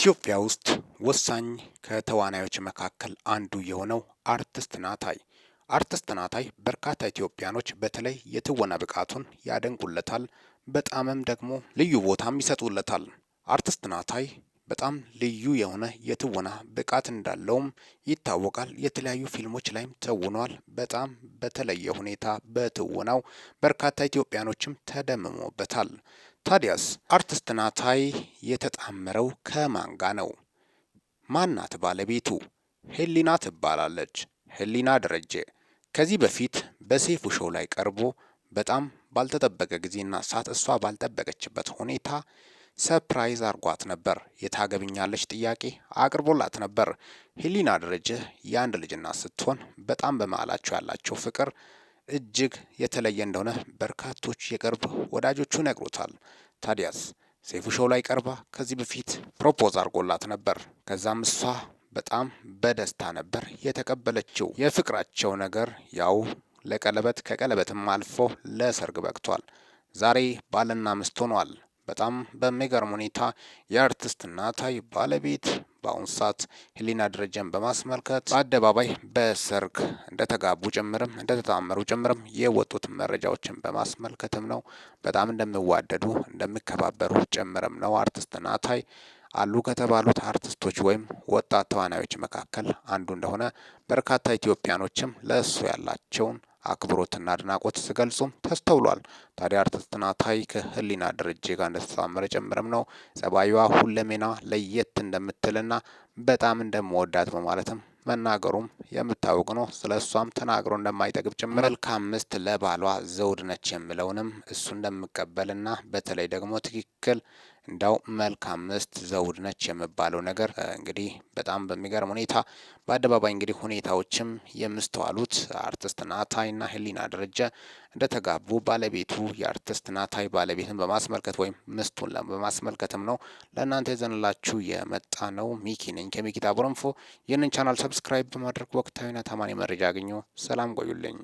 ኢትዮጵያ ውስጥ ወሳኝ ከተዋናዮች መካከል አንዱ የሆነው አርቲስት ናታይ አርቲስት ናታይ በርካታ ኢትዮጵያኖች በተለይ የትወና ብቃቱን ያደንቁለታል። በጣምም ደግሞ ልዩ ቦታም ይሰጡለታል። አርቲስት ናታይ በጣም ልዩ የሆነ የትወና ብቃት እንዳለውም ይታወቃል። የተለያዩ ፊልሞች ላይም ተውኗል። በጣም በተለየ ሁኔታ በትወናው በርካታ ኢትዮጵያኖችም ተደምሞበታል። ታዲያስ አርቲስት ናታይ የተጣመረው ከማንጋ ነው? ማናት ባለቤቱ? ህሊና ትባላለች። ህሊና ደረጀ ከዚህ በፊት በሴፉ ሾው ላይ ቀርቦ በጣም ባልተጠበቀ ጊዜና ሰዓት እሷ ባልጠበቀችበት ሁኔታ ሰፕራይዝ አርጓት ነበር። የታገብኛለች ጥያቄ አቅርቦላት ነበር። ሄሊና ደረጀ የአንድ ልጅና ስትሆን በጣም በመሀላቸው ያላቸው ፍቅር እጅግ የተለየ እንደሆነ በርካቶች የቅርብ ወዳጆቹ ነግሮታል። ታዲያስ ሴፉ ሾው ላይ ቀርባ ከዚህ በፊት ፕሮፖዝ አርጎላት ነበር። ከዛም እሷ በጣም በደስታ ነበር የተቀበለችው። የፍቅራቸው ነገር ያው ለቀለበት ከቀለበትም አልፎ ለሰርግ በቅቷል። ዛሬ ባልና ሚስት ሆኗል። በጣም በሚገርም ሁኔታ የአርቲስትና ታይ ባለቤት በአሁኑ ሰዓት ህሊና ደረጀን በማስመልከት በአደባባይ በሰርግ እንደተጋቡ ጭምርም እንደተጣመሩ ጭምርም የወጡት መረጃዎችን በማስመልከትም ነው። በጣም እንደሚዋደዱ እንደሚከባበሩ ጭምርም ነው። አርቲስትና ታይ አሉ ከተባሉት አርቲስቶች ወይም ወጣት ተዋናዮች መካከል አንዱ እንደሆነ በርካታ ኢትዮጵያኖችም ለእሱ ያላቸውን አክብሮትና አድናቆት ሲገልጹም ተስተውሏል። ታዲያ አርቲስትና ናታይ ህሊና ደረጀ ጋር እንደተሳመረ ጭምርም ነው ጸባዩዋ ሁለሜና ለየት እንደምትልና በጣም እንደምወዳት በማለትም መናገሩም የምታወቅ ነው። ስለ እሷም ተናግሮ እንደማይጠግብ ጭምር መልካም ሚስት ለባሏ ዘውድ ነች የሚለውንም እሱ እንደምቀበልና በተለይ ደግሞ ትክክል እንዳው መልካም ሚስት ዘውድ ነች የምባለው ነገር እንግዲህ በጣም በሚገርም ሁኔታ በአደባባይ እንግዲህ ሁኔታዎችም የምስተዋሉት አርቲስት ናታይና ህሊና ደረጀ እንደተጋቡ ባለቤቱ የአርቲስት ናታይ ባለቤትን በማስመልከት ወይም ምስቱን በማስመልከትም ነው ለእናንተ የዘንላችሁ የመጣ ነው። ሚኪ ነኝ ከሚኪ ታቦረንፎ። ይህንን ቻናል ሰብስክራይብ በማድረግ ወቅታዊና ታማኝ መረጃ አግኙ። ሰላም ቆዩልኝ።